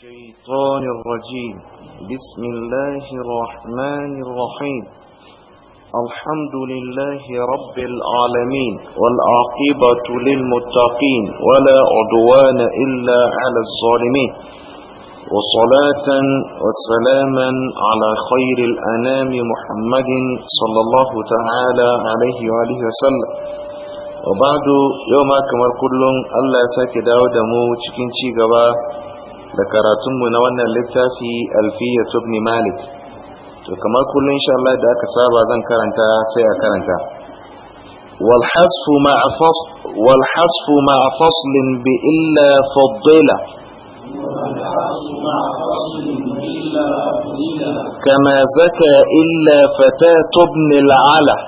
الشيطان الرجيم بسم الله الرحمن الرحيم الحمد لله رب العالمين والعاقبة للمتقين ولا عدوان إلا على الظالمين وصلاة وسلاما على خير الأنام محمد صلى الله تعالى عليه وآله وسلم وبعد يوم أكمل كل الله ساكي داود مو تشكين da karatunmu na wannan littafi alfiya tubni malik to kamar kullum insha Allah da aka saba zan karanta sai a karanta wal hasfu ma'a fasl wal hasfu ma'a faslin bi illa faddila كما زكى إلا فتاة ابن العلا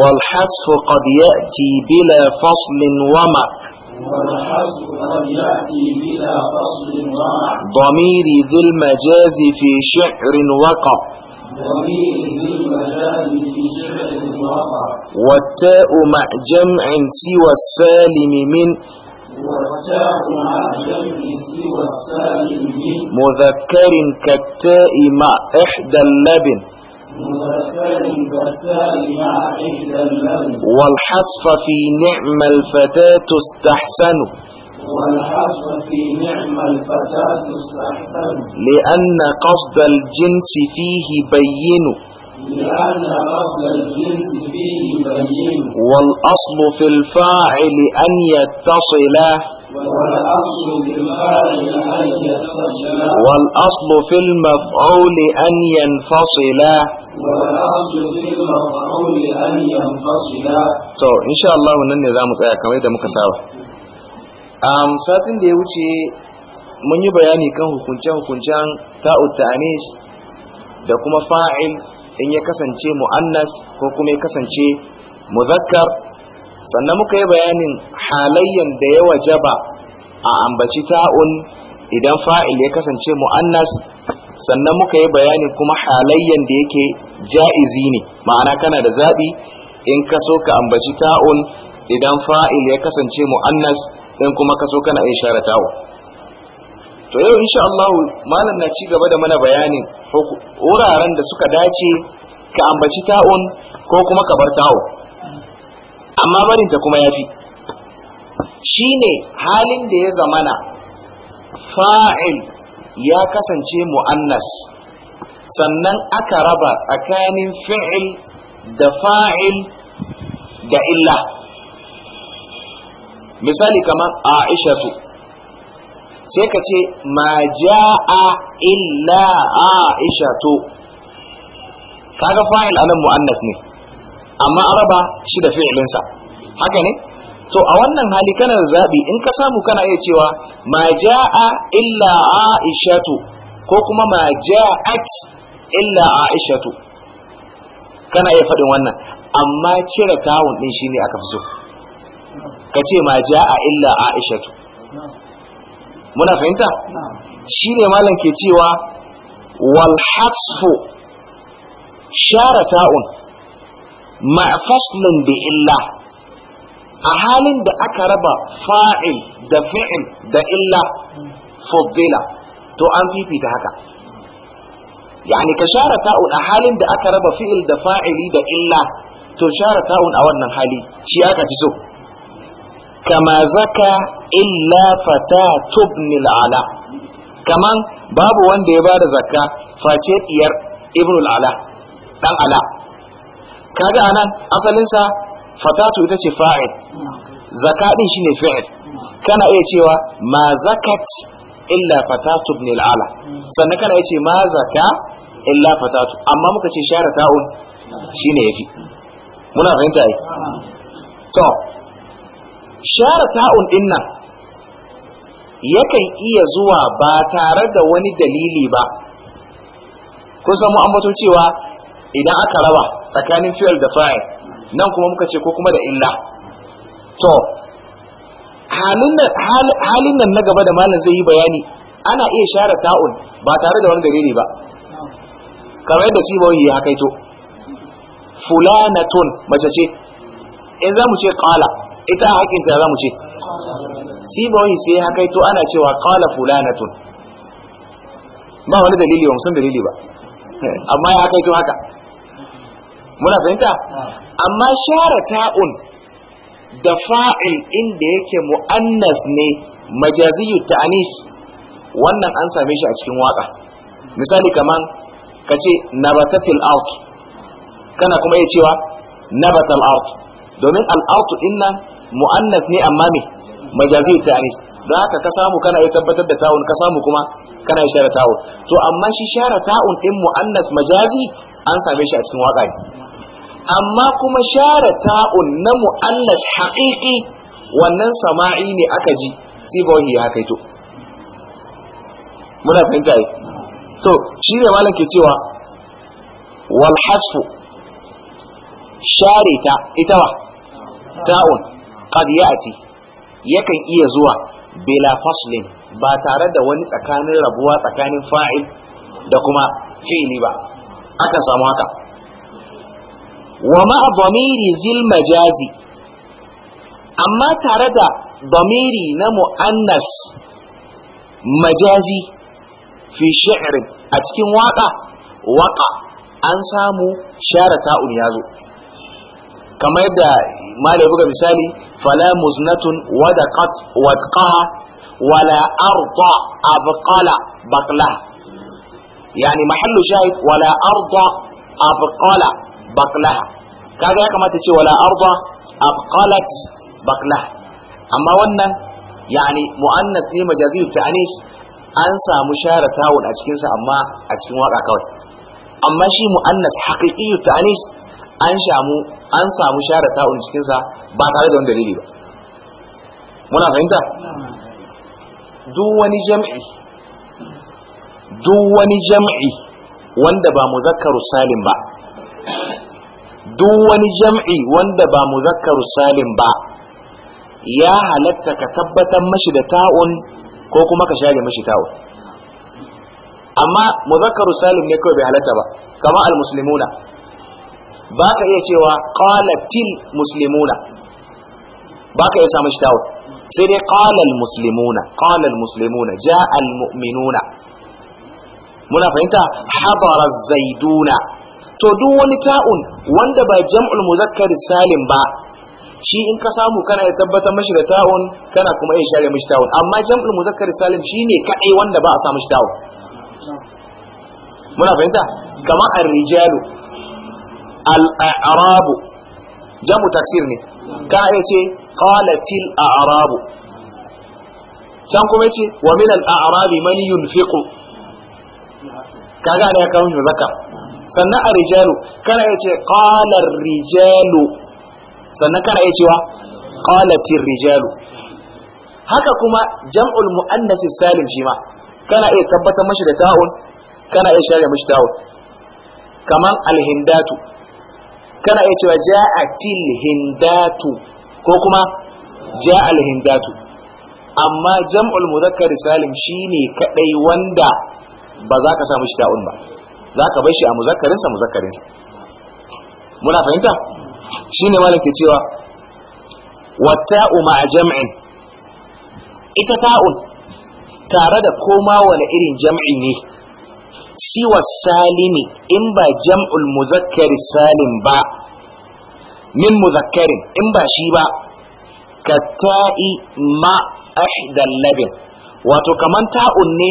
والحسف قد يأتي بلا فصل ومع ضمير ذي المجاز في شعر وقع والتاء مع جمع سوى السالم من مذكر كالتاء مع إحدى اللبن والحصف في نعم الفتاة استحسنوا والحظ في نعم الفتاة استحسن لأن قصد الجنس فيه بين لأن قصد الجنس فيه بين والأصل في الفاعل أن يتصل والأصل في المفعول أن ينفصل to insha Allah nan ne za mu tsaya kamar yadda muka saba um satin da ya wuce mun yi bayani kan hukunce-hukuncen ta'utanis, da kuma fa'il in ya kasance mu'annas ko kuma ya kasance muzakkar sannan muka yi bayanin halayyan da ya wajaba a ambaci ta'un idan fa'il ya kasance mu'annas sannan muka yi bayani kuma halayyan da yake ja'izi ne ma'ana kana da zaɓi in ka so ka ambaci ta'un idan fa'il ya kasance mu'annas in kuma ka so kana in share ta'un to yau insha Allah malam na ci gaba da mana bayanin wuraren da suka dace ka ambaci ta'un ko kuma ka bar ta'un amma barinta kuma ya fi shi ne halin da ya zamana fa'il ya kasance mu'annas sannan aka raba tsakanin fi'il da fa'il da illa misali kamar aishatu sai ka ce ma ja'a illa aishatu kaga fa'il anan mu'annas ne amma an raba shi da fi'ilinsa haka ne to a wannan hali kana da zabi in ka samu kana iya cewa ma ja'a illa aishatu ko kuma ma ja'at illa aishatu kana iya faɗin wannan amma cire tawun din shine aka fi so ka ce ma ja'a illa aishatu muna fahimta shine malam ke cewa wal hasfu share ta'un ma faslun bi illa a halin da aka raba fa'il da fi'il da illa fuddila to an fifita haka yani ka share ta'un a halin da aka raba fi'il da fa'ili da illa to share ta'un a wannan hali shi aka ci so kama zaka illa fata tubnil ala kaman babu wanda ya bada zakka face diyar ibnul ala dan ala kaga anan asalinsa fatatu ita ce fa'il zaka shi shine fi'il kana iya cewa ma zakat illa fatatu ibn al'ala sannan kana iya ce ma zaka illa fatatu amma muka ce share ta'un shine yafi muna fahimta ai to share ta'un dinnan, yakan iya zuwa ba tare da wani dalili ba kusan mu ambato cewa idan aka raba tsakanin fi'il da fa'il nan kuma muka ce ko kuma da illa to halin nan na gaba da malam zai yi bayani ana iya share ta'un ba tare da wani dalili ba kamar yadda sibawi ya kaito fulanatun mace ce in za mu ce kala ita a hakinta za mu ce wani sai ya kaito ana cewa kala fulanatun ba wani dalili ba musan dalili ba amma ya kaito haka muna fahimta amma share ta'un da fa'il inda yake mu'annas ne majaziyu ta'anis wannan an same shi a cikin waka misali kaman kace nabatatil out. kana kuma iya cewa nabatal out. domin al ard inna mu'annas ne amma me majaziyu ta'anis don haka ka samu kana iya tabbatar da ta'un ka samu kuma kana share ta'un to amma shi share ta'un din mu'annas majazi an same shi a cikin waka ne amma kuma share ta'un na mu'annas haƙiƙi wannan sama'i ne aka ji sibawahi ya to. muna fahimta yi to shi ne malam ke cewa wal hasfu share ta ita wa ta'un qad ya'ti yakan iya zuwa bila faslin ba tare da wani tsakanin rabuwa tsakanin fa'il da kuma fi'ili ba akan samu haka ومع ضمير ذي المجاز أما ترد ضميري نمو أنس مجازي في شعر أتكين واقع واقع أنسامو شارتا أنيازو كما يدى ما يبقى مثالي فلا مزنة ودقت ودقها ولا أرضى أبقال بقلها يعني محل شاهد ولا أرضى أبقال baklaha kaga ya kamata ce wala arda abqalat baklaha amma wannan yani mu'annas ne majazi ta'anis an samu share tawul a cikinsa amma a cikin waka kawai amma shi mu'annas haqiqi ta'anis an samu an samu share tawul cikinsa ba tare da wani dalili ba muna fahimta duk wani jam'i duk wani jam'i wanda ba muzakkaru salim ba duk wani jam'i wanda ba muzakkaru salim ba ya halatta ka tabbatar mashi da ta'un ko kuma ka share mashi ta'un amma muzakkaru salim ne kawai bai halatta ba kama almuslimuna ba ka iya cewa qalatil muslimuna ba ka iya sa mashi ta'un sai dai qala almuslimuna qala almuslimuna ja'a almu'minuna muna fahimta habara zaiduna to duk wani ta'un wanda ba jam'ul muzakkar salim ba shi in ka samu kana ya tabbatar mashi da ta'un kana kuma iya share mashi ta'un amma jam'ul muzakkar salim shine kadai wanda ba a sa mashi ta'un muna fahimta kama ar-rijalu al-a'rabu jamu taksir ne ka yace ce qalatil a'rabu can kuma yace wa min al-a'rabi man yunfiqu kaga ne ka kawo zakka sannan a rijalu kana iya ce qalar rijalu sannan kana iya cewa qalatir rijalu haka kuma jam'ul muannas salim shi ma kana iya tabbatar mashi da ta'un kana iya share mashi ta'un kaman alhindatu kana iya cewa ja'atil hindatu ko kuma ja'al hindatu amma jam'ul mudhakkar salim shine kadai wanda ba za ka samu shi ta'un ba za ka bar shi a muzakarinsa muzakarin muna fahimta shi ne malam ke cewa wata'u ma'a jam'in ita ta'un tare da koma wani irin jam'i ne siwa salimi in ba jam'ul muzakkari salim ba min muzakkarin in ba shi ba ka ta'i ma ahdal labin wato kaman ta'un ne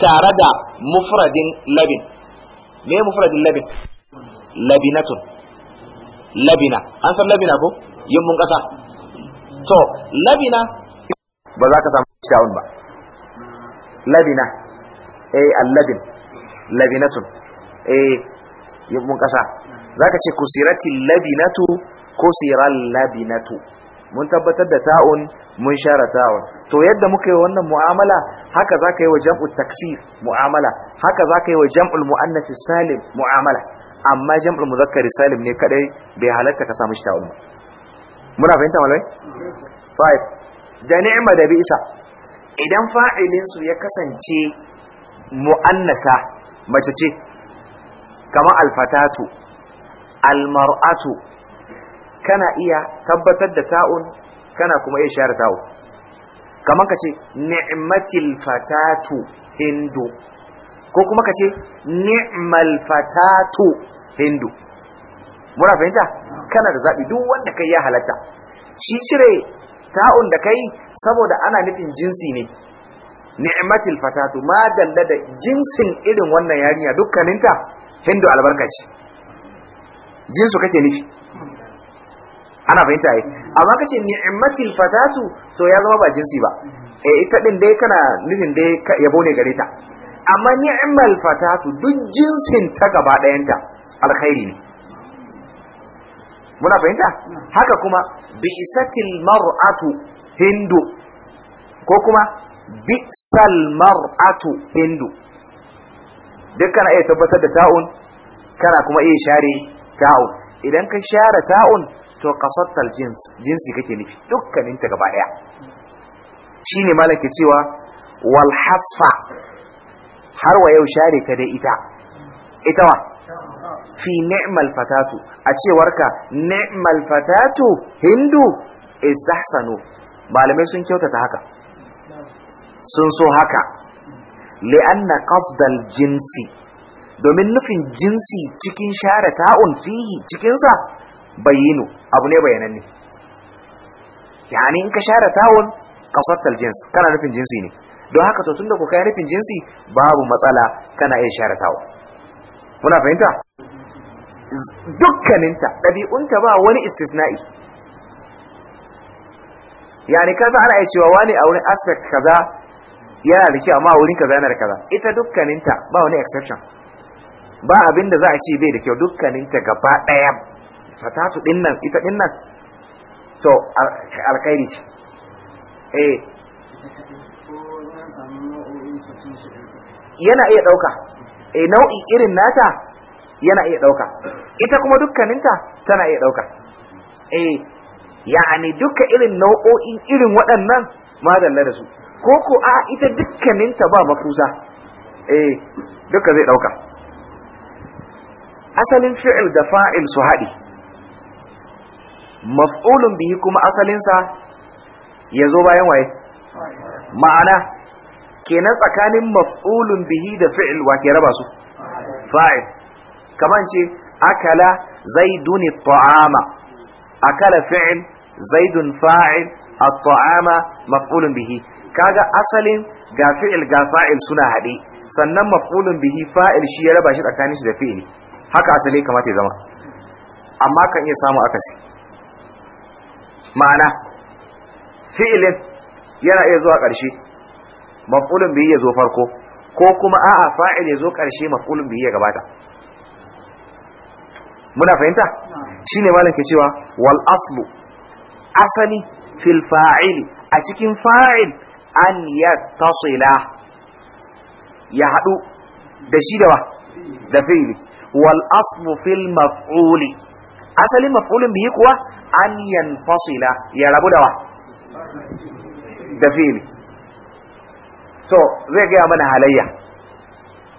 tare da mufradin labin me ya mufradin labin labinatun labina an san labina ko yin mun kasa to labina ba za ka samu shawun ba labina eh allabin labinatun eh yin mun kasa za ka ce kusiratin labinatu ko siran labinatu mun tabbatar da ta'un mun share ta'un to yadda muka yi wannan mu'amala haka za ka yi wa jam'ul taksir mu'amala haka za ka yi wa jam'ul mu'annafi salim mu'amala amma jam'ul muzakkari salim ne kadai bai halarta ka samu shi ta umma muna fahimta malai 5, da ni'ima da bi'isa idan fa'ilin su ya kasance mu'annasa mace ce kamar alfatatu almar'atu kana iya tabbatar da ta'un kana kuma iya share ta'un kamar ka ce ni'matil fatatu hindu ko kuma ka ce ni'mal fatatu hindu muna fahimta kana da zaɓi duk wanda kai ya halatta shi cire ta'un da kai saboda ana nufin jinsi ne ni'matil fatatu ma dalla da jinsin irin wannan yarinya dukkaninta hindu albarkaci jinsu kake nufi ana fahimta ai amma kace ni'matil fatatu to ya zama ba jinsi ba eh ita din dai kana nufin dai yabo ne gare ta amma ni'mal fatatu duk jinsin ta gaba ɗayanta alkhairi ne muna fahimta haka kuma bi'satil mar'atu hindu ko kuma bi'sal mar'atu hindu duk kana iya tabbatar da ta'un kana kuma iya share ta'un idan ka share ta'un to qasattal jins jinsi kake nufi dukkanin ta gaba daya shine malaki cewa wal hasfa har wa yau share ka da ita ita wa fi ni'mal fatatu a cewarka ni'mal fatatu hindu istahsanu malamai sun kyautata haka sun so haka li'anna qasdal jinsi domin nufin jinsi cikin share ta'un fihi cikinsa bayyinu abu ne bayananne yani in ka share tawon kasattal jins kana nufin jinsi ne don haka to tunda ku kai nufin jinsi babu matsala kana iya share tawon muna fahimta dukkaninta ɗabi'unta ba wani istisna'i yani kasa ana iya cewa wani a wurin aspect kaza yana da kyau amma wurin kaza yana da kaza ita dukkaninta ba wani exception ba abinda da za a ce bai da kyau dukkaninta gaba ɗaya fatatu din nan ita din nan to alkhairi ce eh yana iya dauka eh nau'i irin nata yana iya dauka ita kuma dukkaninta tana iya dauka eh ya'ani duka irin nau'o'in irin waɗannan madalla da su ko ko a ita dukkaninta ba makusa eh duka zai dauka asalin fi'il da fa'il su haɗi maf'ulun bihi kuma asalinsa ya zo bayan waye ma'ana kenan tsakanin maf'ulun bihi da fi'il wa ke raba su fa'il kaman ce akala zaidun ta'ama akala fi'il zaidun fa'il at-ta'ama maf'ulun bihi kaga asalin ga fi'il ga fa'il suna hade sannan maf'ulun bihi fa'il shi ya raba shi tsakanin shi da fi'il haka asali kamata ya zama amma kan iya samu akasi ma'ana fi'ilin yana iya zuwa ƙarshe maf'ulun bihi ya zo farko ko kuma a'a fa'il ya zo ƙarshe maf'ulun bihi ya gabata muna fahimta shine malam ke cewa wal aslu asali fil fa'il a cikin fa'il an yattasila ya haɗu da shi da wa da fi'ili wal aslu fil maf'uli asalin maf'ulin bihi kuwa an yanfasila ya rabu da wa da fili to zai gaya mana halayya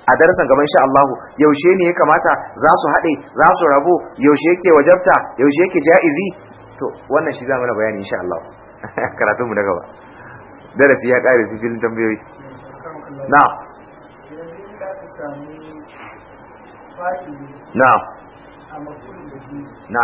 a darasan gaban sha Allahu yaushe ne ya kamata za su haɗe za su rabu yaushe yake wajabta yaushe yake ja'izi to wannan shi za mana bayani insha Allah karatun mu na gaba darasi ya ƙare su filin tambayoyi na na na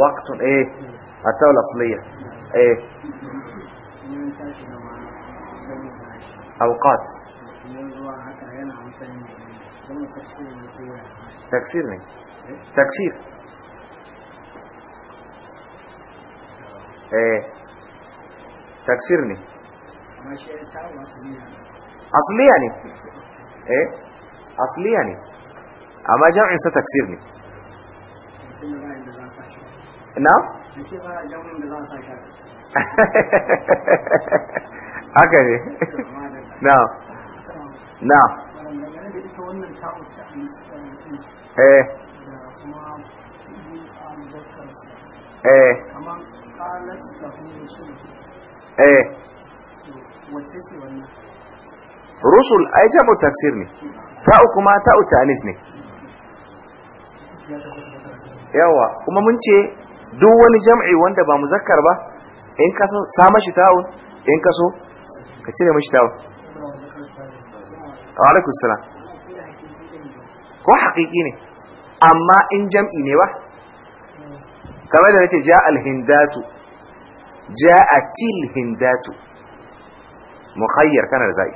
وقت ايه التاء الاصليه ايه اوقات تكسير مين تكسير ايه تكسيرني اصلي يعني ايه اصلي يعني اما جمع ستكسيرني na? haka ne na na eh eh eh rusul ai jamu taksir ne ta'u kuma ta'u ta'anis ne yawa kuma mun ce duk wani jam'i wanda ba muzakkar ba in ka so sa mashi ta'un in ka so ka cire mashi ta'un wa alaikum salam ko haƙiƙi ne amma in jam'i ne ba kamar da nace ja al-hindatu ja atil hindatu mukhayyar kana da zai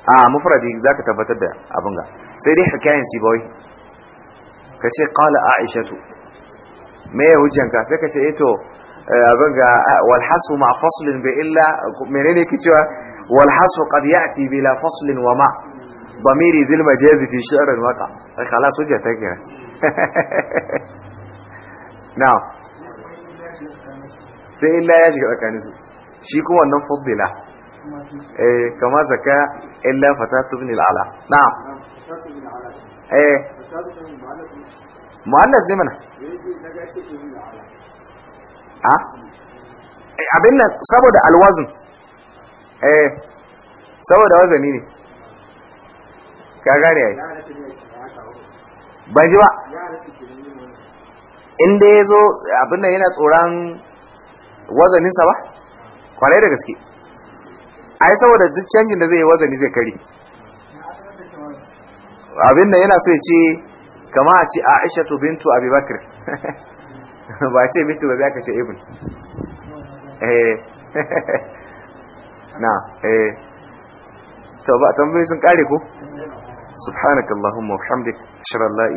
a ah, mufradi zaka tabbatar da abunga. ga sai dai hikayen sibawai ka ce qala aishatu me ya hujjanka sai ka ce ito eh eh, abin ga wal ma faslin bai illa menene ki cewa wal hasu qad ya'ti bila faslin wa ma ضميري ذي المجاز في شعر الوقع خلاص وجهتك نعم sai illa ya shiga tsakanin su shi kuma wannan fuddila eh kama zaka illa fatatu bin al'ala na'am eh ne mana a ah? eh, abin nan saboda alwazin eh saboda wazani ne ka gane ai ban ji ba inda ya zo abin nan yana tsoron wazaninsa ba kwarai da gaske yi saboda duk canjin da zai yi wazani zai kari abin da yana so ya ce kama a ce Aisha bintu Abi Bakr ba ce bintu ba ka ce ibn eh. na eh to ba tambayoyi sun kare ko subhanakallahumma wa bihamdika ashhadu